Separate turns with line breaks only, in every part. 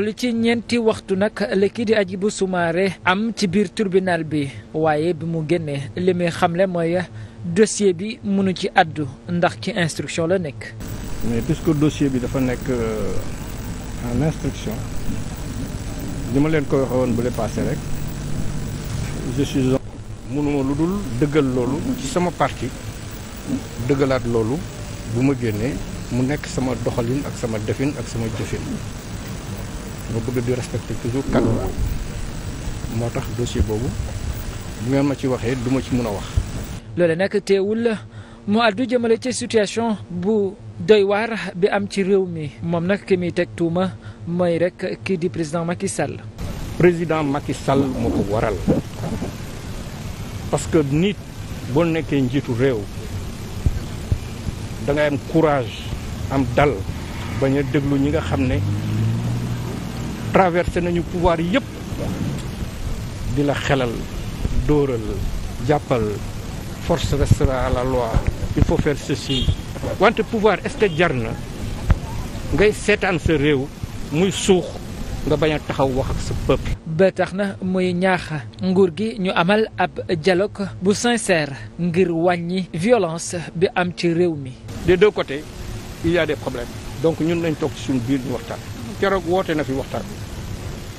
li ci ñeenti waxtu nag la kii di Hadjibou Soumaré am ci biir tribunal bi waaye bi mu génnee li muy xamle mooy dossier bi mënu ci àddu ndax ci instruction la nekk.
mais puisque dossier bi dafa nekk euh, en instruction li ma leen ko waxee woon bu le passé rek je mënuma lu dul dëggal loolu ci sama parki dëggalaat loolu bu ma génnee mu nekk sama doxalin ak sama defin ak sama jëfin. ma bëgg di respecter toujours kàddu moo tax dossier boobu bu ma ci waxee du ma ci mën a wax.
loole nag teewul mu àddu jëmale ci situation bu doy waar bi am ci réew mi moom nag ki muy teg tuuma mooy rek kii di président Macky Sall.
président Macky Sall moo ko waral parce que nit boo nekkee njiitu réew da ngay am courage am dal bañ a déglu ñi nga xam ne. traversé nañu pouvoir yëpp di la xelal dóoral jàppal force restera à la loi il faut faire ceci
wante pouvoir est-ce que jar na ngay seetaan sa réew muy suux nga bañ a taxaw wax ak sa peuple. ba na muy ñaax nguur gi ñu amal ab dialogue bu sincère ngir wàññi violence bi am ci réew mi. des deux côtés il y a des problèmes donc ñun nañ toog suñu biir ñu waxtaan. keroog woote na fi
waxtaan.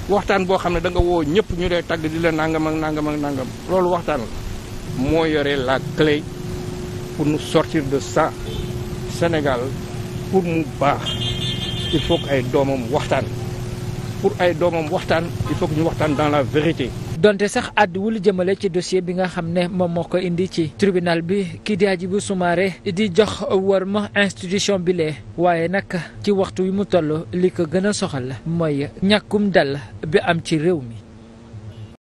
waxtaan boo xam ne da nga woo ñëpp ñu dee tàgg di la nangam ak nangam ak nangam loolu waxtaan la moo yore la clé pour nous sortir de sa Sénégal pour mu baax il faut que ay doomam waxtaan
pour ay doomam
waxtaan il faut que ñu waxtaan dans la vérité
donte sax àdduwul jëmale ci dossier bi nga xam ne moom moo ko indi ci tribunal bi kii di Hadjibou Soumaré di jox wër ma institution bi waaye nag ci waxtu wi mu toll li ko gën a soxal mooy ñàkkum dal bi am ci réew mi